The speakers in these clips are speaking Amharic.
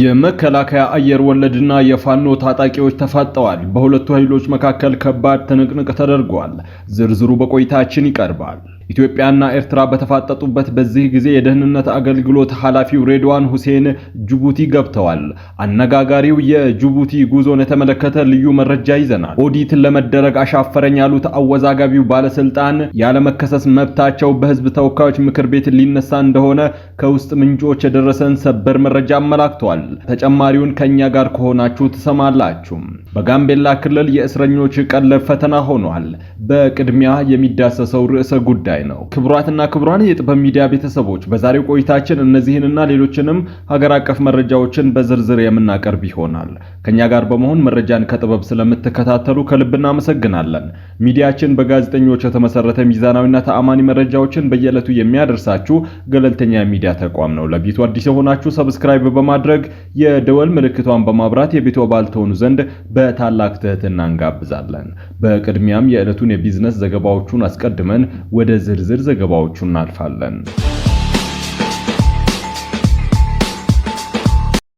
የመከላከያ አየር ወለድና የፋኖ ታጣቂዎች ተፋጠዋል። በሁለቱ ኃይሎች መካከል ከባድ ትንቅንቅ ተደርጓል። ዝርዝሩ በቆይታችን ይቀርባል። ኢትዮጵያና ኤርትራ በተፋጠጡበት በዚህ ጊዜ የደህንነት አገልግሎት ኃላፊው ሬድዋን ሁሴን ጅቡቲ ገብተዋል። አነጋጋሪው የጅቡቲ ጉዞን የተመለከተ ልዩ መረጃ ይዘናል። ኦዲት ለመደረግ አሻፈረኝ ያሉት አወዛጋቢው ባለስልጣን ያለመከሰስ መብታቸው በህዝብ ተወካዮች ምክር ቤት ሊነሳ እንደሆነ ከውስጥ ምንጮች የደረሰን ሰበር መረጃ አመላክቷል። ተጨማሪውን ከእኛ ጋር ከሆናችሁ ትሰማላችሁ። በጋምቤላ ክልል የእስረኞች ቀለብ ፈተና ሆኗል። በቅድሚያ የሚዳሰሰው ርዕሰ ጉዳይ ጉዳይ ነው። ክቡራትና ክቡራን የጥበብ ሚዲያ ቤተሰቦች በዛሬው ቆይታችን እነዚህንና ሌሎችንም ሀገር አቀፍ መረጃዎችን በዝርዝር የምናቀርብ ይሆናል። ከእኛ ጋር በመሆን መረጃን ከጥበብ ስለምትከታተሉ ከልብ እናመሰግናለን። ሚዲያችን በጋዜጠኞች የተመሰረተ ሚዛናዊና ተአማኒ መረጃዎችን በየዕለቱ የሚያደርሳችሁ ገለልተኛ ሚዲያ ተቋም ነው። ለቤቱ አዲስ የሆናችሁ ሰብስክራይብ በማድረግ የደወል ምልክቷን በማብራት የቤቱ አባል ትሆኑ ዘንድ በታላቅ ትህትና እንጋብዛለን። በቅድሚያም የዕለቱን የቢዝነስ ዘገባዎቹን አስቀድመን ወደ ዝርዝር ዘገባዎቹ እናልፋለን።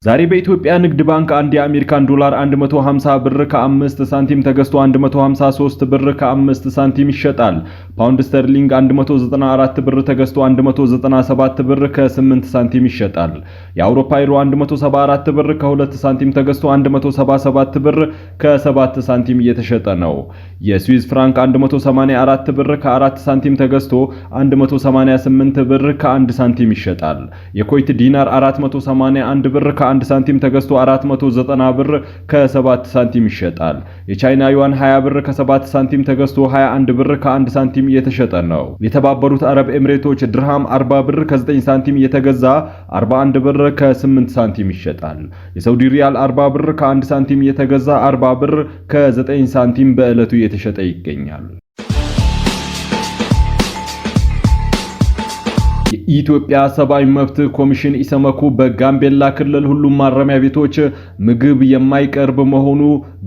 ዛሬ በኢትዮጵያ ንግድ ባንክ አንድ የአሜሪካን ዶላር 150 ብር ከ5 ሳንቲም ተገዝቶ 153 ብር ከ5 ሳንቲም ይሸጣል። ፓውንድ ስተርሊንግ 194 ብር ተገዝቶ 197 ብር ከ8 ሳንቲም ይሸጣል። የአውሮፓ ዩሮ 174 ብር ከ2 ሳንቲም ተገዝቶ 177 ብር ከ7 ሳንቲም እየተሸጠ ነው። የስዊዝ ፍራንክ 184 ብር ከ4 ሳንቲም ተገዝቶ 188 ብር ከ1 ሳንቲም ይሸጣል። የኮይት ዲናር 481 ብር ከ በ1 ሳንቲም ተገዝቶ 490 ብር ከ7 ሳንቲም ይሸጣል። የቻይና ዩዋን 20 ብር ከ7 ሳንቲም ተገዝቶ 21 ብር ከ1 ሳንቲም እየተሸጠ ነው። የተባበሩት አረብ ኤምሬቶች ድርሃም 40 ብር ከ9 ሳንቲም የተገዛ 41 ብር ከ8 ሳንቲም ይሸጣል። የሳውዲ ሪያል 40 ብር ከ1 ሳንቲም የተገዛ 40 ብር ከ9 ሳንቲም በዕለቱ እየተሸጠ ይገኛል። የኢትዮጵያ ሰብአዊ መብት ኮሚሽን ኢሰመኮ በጋምቤላ ክልል ሁሉም ማረሚያ ቤቶች ምግብ የማይቀርብ መሆኑ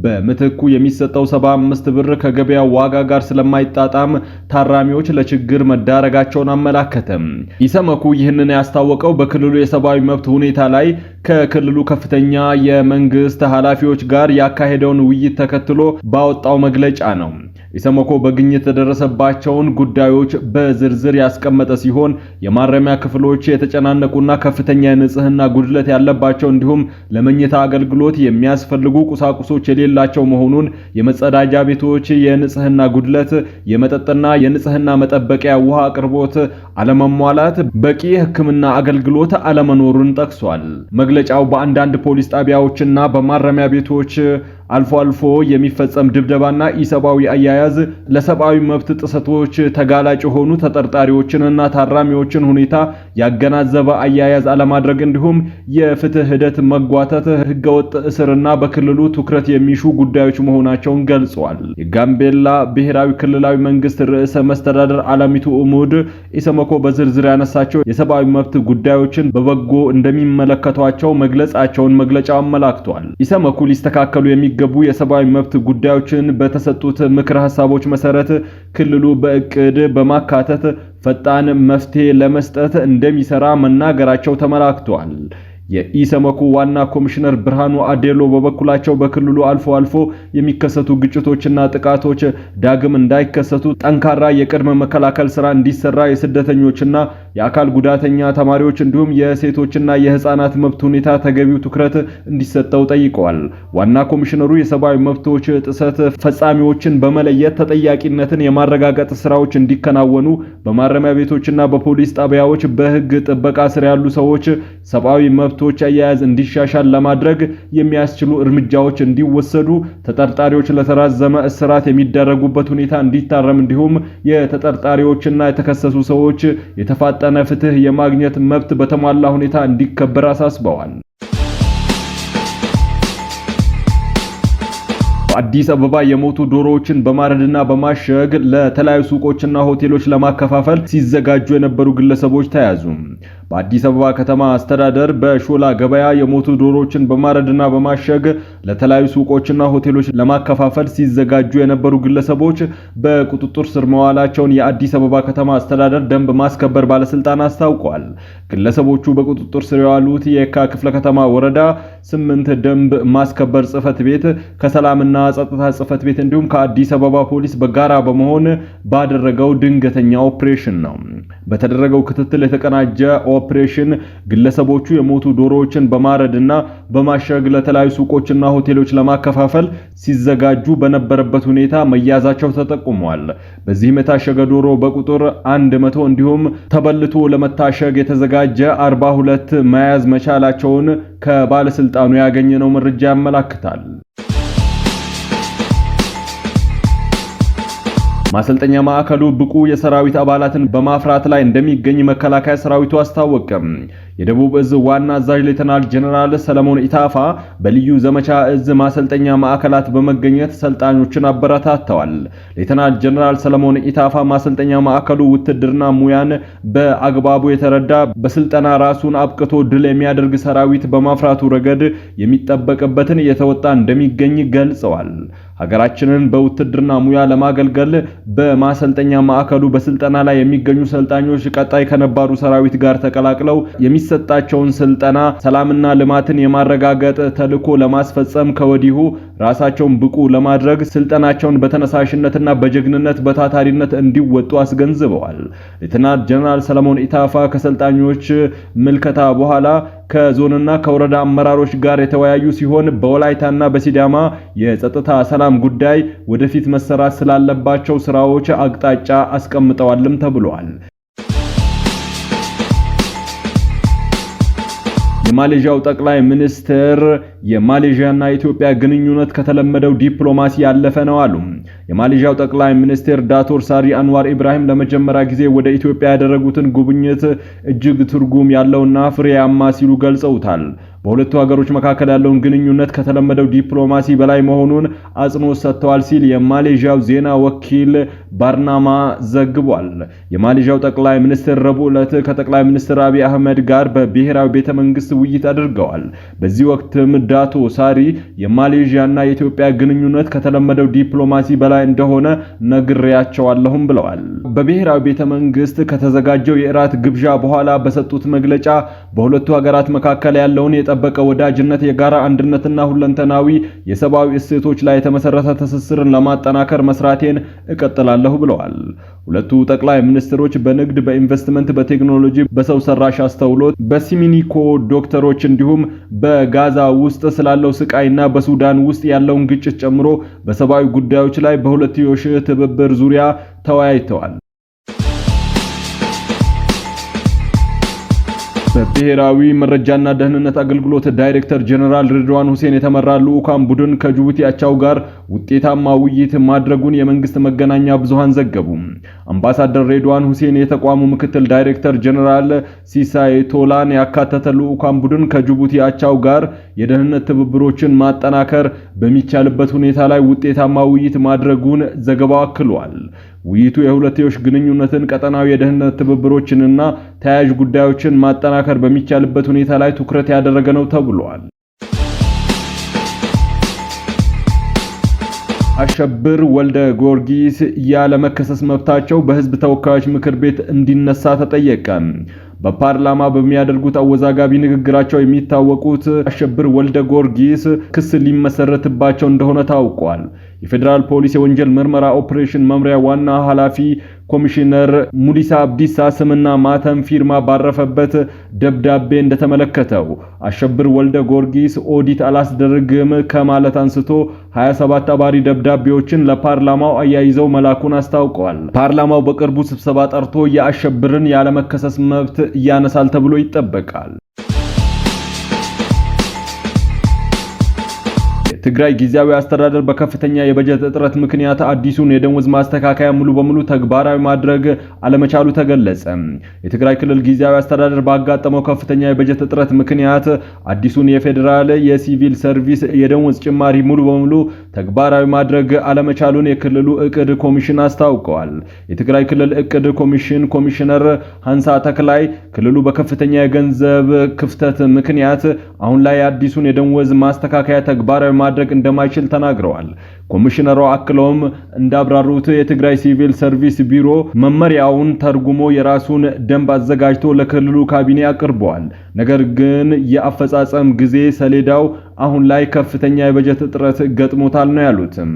በምትኩ የሚሰጠው 75 ብር ከገበያ ዋጋ ጋር ስለማይጣጣም ታራሚዎች ለችግር መዳረጋቸውን አመላከተም። ኢሰመኮ ይህንን ያስታወቀው በክልሉ የሰብአዊ መብት ሁኔታ ላይ ከክልሉ ከፍተኛ የመንግስት ኃላፊዎች ጋር ያካሄደውን ውይይት ተከትሎ ባወጣው መግለጫ ነው። ኢሰመኮ በግኝት የተደረሰባቸውን ጉዳዮች በዝርዝር ያስቀመጠ ሲሆን የማረሚያ ክፍሎች የተጨናነቁና ከፍተኛ የንጽህና ጉድለት ያለባቸው እንዲሁም ለመኝታ አገልግሎት የሚያስፈልጉ ቁሳቁሶች የሌላቸው መሆኑን፣ የመጸዳጃ ቤቶች የንጽህና ጉድለት፣ የመጠጥና የንጽህና መጠበቂያ ውሃ አቅርቦት አለመሟላት፣ በቂ ሕክምና አገልግሎት አለመኖሩን ጠቅሷል። መግለጫው በአንዳንድ ፖሊስ ጣቢያዎችና በማረሚያ ቤቶች አልፎ አልፎ የሚፈጸም ድብደባና ኢሰብአዊ አያያዝ ለሰብአዊ መብት ጥሰቶች ተጋላጭ የሆኑ ተጠርጣሪዎችንና ታራሚዎችን ሁኔታ ያገናዘበ አያያዝ አለማድረግ እንዲሁም የፍትህ ሂደት መጓተት ህገወጥ እስርና በክልሉ ትኩረት የሚሹ ጉዳዮች መሆናቸውን ገልጿል። የጋምቤላ ብሔራዊ ክልላዊ መንግስት ርዕሰ መስተዳደር አለሚቱ ኡሙድ ኢሰመኮ በዝርዝር ያነሳቸው የሰብአዊ መብት ጉዳዮችን በበጎ እንደሚመለከቷቸው መግለጻቸውን መግለጫው አመላክቷል። ኢሰመኮ ሊስተካከሉ የሚ የሚገቡ የሰብአዊ መብት ጉዳዮችን በተሰጡት ምክረ ሀሳቦች መሰረት ክልሉ በእቅድ በማካተት ፈጣን መፍትሄ ለመስጠት እንደሚሰራ መናገራቸው ተመላክቷል። የኢሰመኮ ዋና ኮሚሽነር ብርሃኑ አዴሎ በበኩላቸው በክልሉ አልፎ አልፎ የሚከሰቱ ግጭቶችና ጥቃቶች ዳግም እንዳይከሰቱ ጠንካራ የቅድመ መከላከል ስራ እንዲሰራ የስደተኞችና የአካል ጉዳተኛ ተማሪዎች እንዲሁም የሴቶችና የህፃናት መብት ሁኔታ ተገቢው ትኩረት እንዲሰጠው ጠይቀዋል። ዋና ኮሚሽነሩ የሰብአዊ መብቶች ጥሰት ፈጻሚዎችን በመለየት ተጠያቂነትን የማረጋገጥ ስራዎች እንዲከናወኑ፣ በማረሚያ ቤቶችና በፖሊስ ጣቢያዎች በህግ ጥበቃ ስር ያሉ ሰዎች ሰብአዊ መብት መብቶች አያያዝ እንዲሻሻል ለማድረግ የሚያስችሉ እርምጃዎች እንዲወሰዱ፣ ተጠርጣሪዎች ለተራዘመ እስራት የሚደረጉበት ሁኔታ እንዲታረም፣ እንዲሁም የተጠርጣሪዎችና የተከሰሱ ሰዎች የተፋጠነ ፍትህ የማግኘት መብት በተሟላ ሁኔታ እንዲከበር አሳስበዋል። አዲስ አበባ የሞቱ ዶሮዎችን በማረድና በማሸግ ለተለያዩ ሱቆችና ሆቴሎች ለማከፋፈል ሲዘጋጁ የነበሩ ግለሰቦች ተያዙ። በአዲስ አበባ ከተማ አስተዳደር በሾላ ገበያ የሞቱ ዶሮዎችን በማረድና በማሸግ ለተለያዩ ሱቆችና ሆቴሎች ለማከፋፈል ሲዘጋጁ የነበሩ ግለሰቦች በቁጥጥር ስር መዋላቸውን የአዲስ አበባ ከተማ አስተዳደር ደንብ ማስከበር ባለስልጣን አስታውቋል። ግለሰቦቹ በቁጥጥር ስር የዋሉት የካ ክፍለ ከተማ ወረዳ ስምንት ደንብ ማስከበር ጽህፈት ቤት ከሰላምና ጸጥታ ጽህፈት ቤት እንዲሁም ከአዲስ አበባ ፖሊስ በጋራ በመሆን ባደረገው ድንገተኛ ኦፕሬሽን ነው። በተደረገው ክትትል የተቀናጀ ኦፕሬሽን ግለሰቦቹ የሞቱ ዶሮዎችን በማረድና በማሸግ ለተለያዩ ሱቆችና ሆቴሎች ለማከፋፈል ሲዘጋጁ በነበረበት ሁኔታ መያዛቸው ተጠቁሟል። በዚህም የታሸገ ዶሮ በቁጥር 100 እንዲሁም ተበልቶ ለመታሸግ የተዘጋጀ 42 መያዝ መቻላቸውን ከባለስልጣኑ ያገኘነው መረጃ ያመላክታል። ማሰልጠኛ ማዕከሉ ብቁ የሰራዊት አባላትን በማፍራት ላይ እንደሚገኝ መከላከያ ሰራዊቱ አስታወቀም። የደቡብ እዝ ዋና አዛዥ ሌተናል ጀነራል ሰለሞን ኢታፋ በልዩ ዘመቻ እዝ ማሰልጠኛ ማዕከላት በመገኘት ሰልጣኞችን አበረታተዋል። ሌተናል ጀነራል ሰለሞን ኢታፋ ማሰልጠኛ ማዕከሉ ውትድርና ሙያን በአግባቡ የተረዳ በስልጠና ራሱን አብቅቶ ድል የሚያደርግ ሰራዊት በማፍራቱ ረገድ የሚጠበቅበትን እየተወጣ እንደሚገኝ ገልጸዋል። ሀገራችንን በውትድርና ሙያ ለማገልገል በማሰልጠኛ ማዕከሉ በስልጠና ላይ የሚገኙ ሰልጣኞች ቀጣይ ከነባሩ ሰራዊት ጋር ተቀላቅለው የሚሰጣቸውን ስልጠና ሰላምና ልማትን የማረጋገጥ ተልዕኮ ለማስፈጸም ከወዲሁ ራሳቸውን ብቁ ለማድረግ ስልጠናቸውን በተነሳሽነትና በጀግንነት በታታሪነት እንዲወጡ አስገንዝበዋል። ሌተናንት ጀነራል ሰለሞን ኢታፋ ከሰልጣኞች ምልከታ በኋላ ከዞንና ከወረዳ አመራሮች ጋር የተወያዩ ሲሆን በወላይታና በሲዳማ የጸጥታ ሰላም ጉዳይ ወደፊት መሰራት ስላለባቸው ስራዎች አቅጣጫ አስቀምጠዋልም ተብሏል። የማሌዥያው ጠቅላይ ሚኒስትር የማሌዥያና የኢትዮጵያ ግንኙነት ከተለመደው ዲፕሎማሲ ያለፈ ነው አሉ። የማሌዥያው ጠቅላይ ሚኒስትር ዳቶር ሳሪ አንዋር ኢብራሂም ለመጀመሪያ ጊዜ ወደ ኢትዮጵያ ያደረጉትን ጉብኝት እጅግ ትርጉም ያለውና ፍሬያማ ሲሉ ገልጸውታል። በሁለቱ ሀገሮች መካከል ያለውን ግንኙነት ከተለመደው ዲፕሎማሲ በላይ መሆኑን አጽንኦት ሰጥተዋል ሲል የማሌዥያው ዜና ወኪል ባርናማ ዘግቧል። የማሌዥያው ጠቅላይ ሚኒስትር ረቡዕ ዕለት ከጠቅላይ ሚኒስትር አብይ አህመድ ጋር በብሔራዊ ቤተ መንግስት ውይይት አድርገዋል። በዚህ ወቅትም ዳቶ ሳሪ የማሌዥያና የኢትዮጵያ ግንኙነት ከተለመደው ዲፕሎማሲ በላይ እንደሆነ ነግሬያቸዋለሁም ብለዋል። በብሔራዊ ቤተ መንግስት ከተዘጋጀው የእራት ግብዣ በኋላ በሰጡት መግለጫ በሁለቱ ሀገራት መካከል ያለውን የጠበቀ ወዳጅነት፣ የጋራ አንድነትና ሁለንተናዊ የሰብአዊ እሴቶች ላይ የተመሰረተ ትስስርን ለማጠናከር መስራቴን እቀጥላለሁ ብለዋል። ሁለቱ ጠቅላይ ሚኒስትሮች በንግድ፣ በኢንቨስትመንት፣ በቴክኖሎጂ፣ በሰው ሰራሽ አስተውሎት፣ በሲሚኒኮ ዶክተሮች እንዲሁም በጋዛ ውስጥ ውስጥ ስላለው ስቃይና በሱዳን ውስጥ ያለውን ግጭት ጨምሮ በሰብአዊ ጉዳዮች ላይ በሁለትዮሽ ትብብር ዙሪያ ተወያይተዋል። በብሔራዊ መረጃና ደህንነት አገልግሎት ዳይሬክተር ጀኔራል ሬድዋን ሁሴን የተመራ ልዑካን ቡድን ከጅቡቲ አቻው ጋር ውጤታማ ውይይት ማድረጉን የመንግስት መገናኛ ብዙሃን ዘገቡ። አምባሳደር ሬድዋን ሁሴን የተቋሙ ምክትል ዳይሬክተር ጀኔራል ሲሳይ ቶላን ያካተተ ልዑካን ቡድን ከጅቡቲ አቻው ጋር የደህንነት ትብብሮችን ማጠናከር በሚቻልበት ሁኔታ ላይ ውጤታማ ውይይት ማድረጉን ዘገባው አክሏል። ውይይቱ የሁለትዮሽ ግንኙነትን፣ ቀጠናዊ የደህንነት ትብብሮችንና ተያያዥ ጉዳዮችን ማጠናከር በሚቻልበት ሁኔታ ላይ ትኩረት ያደረገ ነው ተብሏል። አሸብር ወልደ ጊዮርጊስ ያለመከሰስ መብታቸው በሕዝብ ተወካዮች ምክር ቤት እንዲነሳ ተጠየቀ። በፓርላማ በሚያደርጉት አወዛጋቢ ንግግራቸው የሚታወቁት አሸብር ወልደ ጊዮርጊስ ክስ ሊመሰረትባቸው እንደሆነ ታውቋል። የፌዴራል ፖሊስ የወንጀል ምርመራ ኦፕሬሽን መምሪያ ዋና ኃላፊ ኮሚሽነር ሙዲሳ አብዲሳ ስምና ማተም ፊርማ ባረፈበት ደብዳቤ እንደተመለከተው አሸብር ወልደ ጊዮርጊስ ኦዲት አላስደርግም ከማለት አንስቶ 27 አባሪ ደብዳቤዎችን ለፓርላማው አያይዘው መላኩን አስታውቋል። ፓርላማው በቅርቡ ስብሰባ ጠርቶ የአሸብርን ያለመከሰስ መብት እያነሳል ተብሎ ይጠበቃል። የትግራይ ጊዜያዊ አስተዳደር በከፍተኛ የበጀት እጥረት ምክንያት አዲሱን የደሞዝ ማስተካከያ ሙሉ በሙሉ ተግባራዊ ማድረግ አለመቻሉ ተገለጸ። የትግራይ ክልል ጊዜያዊ አስተዳደር ባጋጠመው ከፍተኛ የበጀት እጥረት ምክንያት አዲሱን የፌዴራል የሲቪል ሰርቪስ የደሞዝ ጭማሪ ሙሉ በሙሉ ተግባራዊ ማድረግ አለመቻሉን የክልሉ እቅድ ኮሚሽን አስታውቀዋል። የትግራይ ክልል እቅድ ኮሚሽን ኮሚሽነር ሀንሳ ተክላይ ክልሉ በከፍተኛ የገንዘብ ክፍተት ምክንያት አሁን ላይ አዲሱን የደሞዝ ማስተካከያ ተግባራዊ ማድረግ እንደማይችል ተናግረዋል። ኮሚሽነሯ አክለውም እንዳብራሩት የትግራይ ሲቪል ሰርቪስ ቢሮ መመሪያውን ተርጉሞ የራሱን ደንብ አዘጋጅቶ ለክልሉ ካቢኔ አቅርበዋል። ነገር ግን የአፈጻጸም ጊዜ ሰሌዳው አሁን ላይ ከፍተኛ የበጀት እጥረት ገጥሞታል ነው ያሉትም።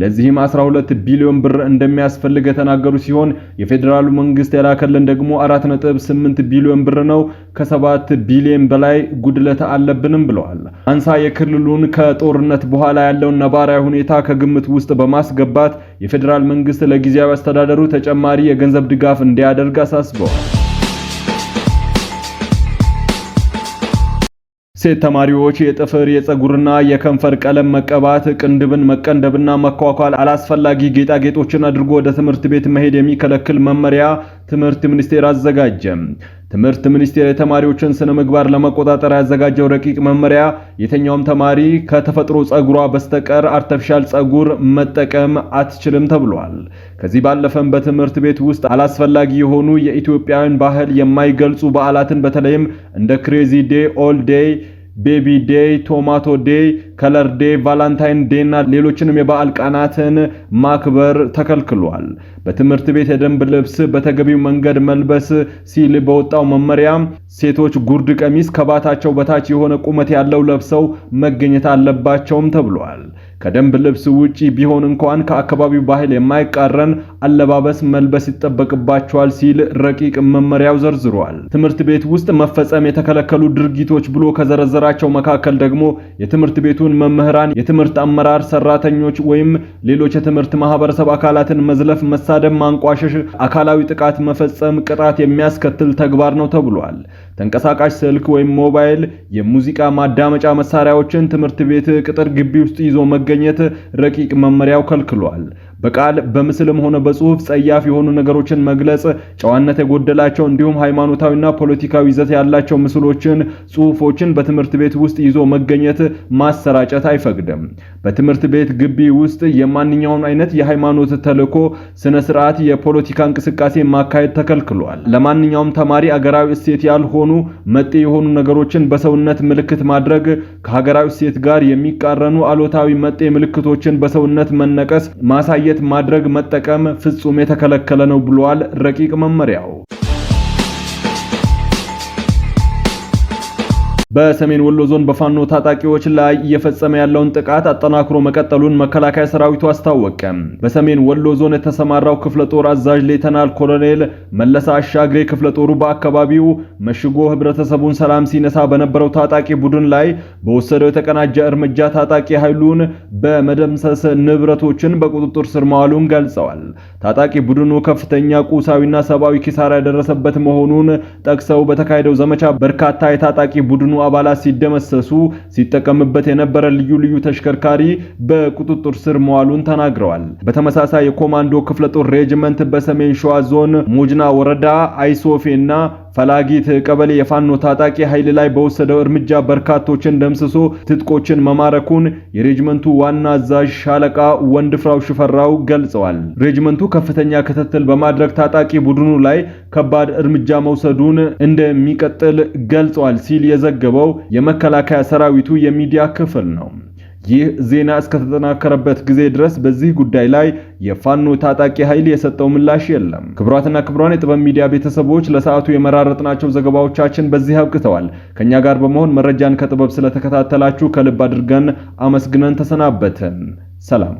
ለዚህም 12 ቢሊዮን ብር እንደሚያስፈልግ የተናገሩ ሲሆን የፌዴራሉ መንግስት የላከልን ደግሞ 4.8 ቢሊዮን ብር ነው። ከሰባት ቢሊዮን በላይ ጉድለት አለብንም ብለዋል። አንሳ የክልሉን ከጦርነት በኋላ ያለውን ነባራዊ ሁኔታ ከግምት ውስጥ በማስገባት የፌዴራል መንግስት ለጊዜያዊ አስተዳደሩ ተጨማሪ የገንዘብ ድጋፍ እንዲያደርግ አሳስበዋል። ሴት ተማሪዎች የጥፍር የፀጉርና የከንፈር ቀለም መቀባት፣ ቅንድብን መቀንደብና መኳኳል፣ አላስፈላጊ ጌጣጌጦችን አድርጎ ወደ ትምህርት ቤት መሄድ የሚከለክል መመሪያ ትምህርት ሚኒስቴር አዘጋጀም። ትምህርት ሚኒስቴር የተማሪዎችን ስነ ምግባር ለመቆጣጠር ያዘጋጀው ረቂቅ መመሪያ የትኛውም ተማሪ ከተፈጥሮ ጸጉሯ በስተቀር አርተፊሻል ጸጉር መጠቀም አትችልም ተብሏል። ከዚህ ባለፈም በትምህርት ቤት ውስጥ አላስፈላጊ የሆኑ የኢትዮጵያን ባህል የማይገልጹ በዓላትን በተለይም እንደ ክሬዚ ዴይ፣ ኦል ዴይ ቤቢ ዴይ፣ ቶማቶ ዴይ፣ ከለር ዴይ፣ ቫላንታይን ዴይ እና ሌሎችንም የበዓል ቀናትን ማክበር ተከልክሏል። በትምህርት ቤት የደንብ ልብስ በተገቢው መንገድ መልበስ ሲል በወጣው መመሪያ ሴቶች ጉርድ ቀሚስ ከባታቸው በታች የሆነ ቁመት ያለው ለብሰው መገኘት አለባቸውም ተብሏል። ከደንብ ልብስ ውጪ ቢሆን እንኳን ከአካባቢው ባህል የማይቃረን አለባበስ መልበስ ይጠበቅባቸዋል ሲል ረቂቅ መመሪያው ዘርዝሯል። ትምህርት ቤት ውስጥ መፈጸም የተከለከሉ ድርጊቶች ብሎ ከዘረዘራቸው መካከል ደግሞ የትምህርት ቤቱን መምህራን፣ የትምህርት አመራር ሰራተኞች ወይም ሌሎች የትምህርት ማህበረሰብ አካላትን መዝለፍ፣ መሳደብ፣ ማንቋሸሽ፣ አካላዊ ጥቃት መፈጸም ቅጣት የሚያስከትል ተግባር ነው ተብሏል። ተንቀሳቃሽ ስልክ ወይም ሞባይል፣ የሙዚቃ ማዳመጫ መሳሪያዎችን ትምህርት ቤት ቅጥር ግቢ ውስጥ ይዞ መገኘት ረቂቅ መመሪያው ከልክሏል። በቃል በምስልም ሆነ በጽሁፍ ጸያፍ የሆኑ ነገሮችን መግለጽ ጨዋነት የጎደላቸው እንዲሁም ሃይማኖታዊና ፖለቲካዊ ይዘት ያላቸው ምስሎችን፣ ጽሁፎችን በትምህርት ቤት ውስጥ ይዞ መገኘት ማሰራጨት አይፈቅድም። በትምህርት ቤት ግቢ ውስጥ የማንኛውም አይነት የሃይማኖት ተልዕኮ ስነ ስርዓት፣ የፖለቲካ እንቅስቃሴ ማካሄድ ተከልክሏል። ለማንኛውም ተማሪ አገራዊ እሴት ያልሆኑ መጤ የሆኑ ነገሮችን በሰውነት ምልክት ማድረግ፣ ከሀገራዊ እሴት ጋር የሚቃረኑ አሎታዊ መጤ ምልክቶችን በሰውነት መነቀስ ማሳየት ማሳየት፣ ማድረግ፣ መጠቀም ፍጹም የተከለከለ ነው ብሏል ረቂቅ መመሪያው። በሰሜን ወሎ ዞን በፋኖ ታጣቂዎች ላይ እየፈጸመ ያለውን ጥቃት አጠናክሮ መቀጠሉን መከላከያ ሰራዊቱ አስታወቀ። በሰሜን ወሎ ዞን የተሰማራው ክፍለ ጦር አዛዥ ሌተናል ኮሎኔል መለሳ አሻግሬ ክፍለ ጦሩ በአካባቢው መሽጎ ህብረተሰቡን ሰላም ሲነሳ በነበረው ታጣቂ ቡድን ላይ በወሰደው የተቀናጀ እርምጃ ታጣቂ ኃይሉን በመደምሰስ ንብረቶችን በቁጥጥር ስር መዋሉን ገልጸዋል። ታጣቂ ቡድኑ ከፍተኛ ቁሳዊና ሰብአዊ ኪሳራ የደረሰበት መሆኑን ጠቅሰው በተካሄደው ዘመቻ በርካታ የታጣቂ ቡድኑ አባላት ሲደመሰሱ ሲጠቀምበት የነበረ ልዩ ልዩ ተሽከርካሪ በቁጥጥር ስር መዋሉን ተናግረዋል። በተመሳሳይ የኮማንዶ ክፍለ ጦር ሬጅመንት በሰሜን ሸዋ ዞን ሙጅና ወረዳ ና ፈላጊት ቀበሌ የፋኖ ታጣቂ ኃይል ላይ በወሰደው እርምጃ በርካቶችን ደምስሶ ትጥቆችን መማረኩን የሬጅመንቱ ዋና አዛዥ ሻለቃ ወንድፍራው ሽፈራው ገልጸዋል። ሬጅመንቱ ከፍተኛ ክትትል በማድረግ ታጣቂ ቡድኑ ላይ ከባድ እርምጃ መውሰዱን እንደሚቀጥል ገልጸዋል ሲል የዘገበው የመከላከያ ሰራዊቱ የሚዲያ ክፍል ነው። ይህ ዜና እስከተጠናከረበት ጊዜ ድረስ በዚህ ጉዳይ ላይ የፋኖ ታጣቂ ኃይል የሰጠው ምላሽ የለም። ክብሯትና ክብሯን የጥበብ ሚዲያ ቤተሰቦች ለሰዓቱ የመራረጥናቸው ዘገባዎቻችን በዚህ አብቅተዋል። ከኛ ጋር በመሆን መረጃን ከጥበብ ስለተከታተላችሁ ከልብ አድርገን አመስግነን ተሰናበትን። ሰላም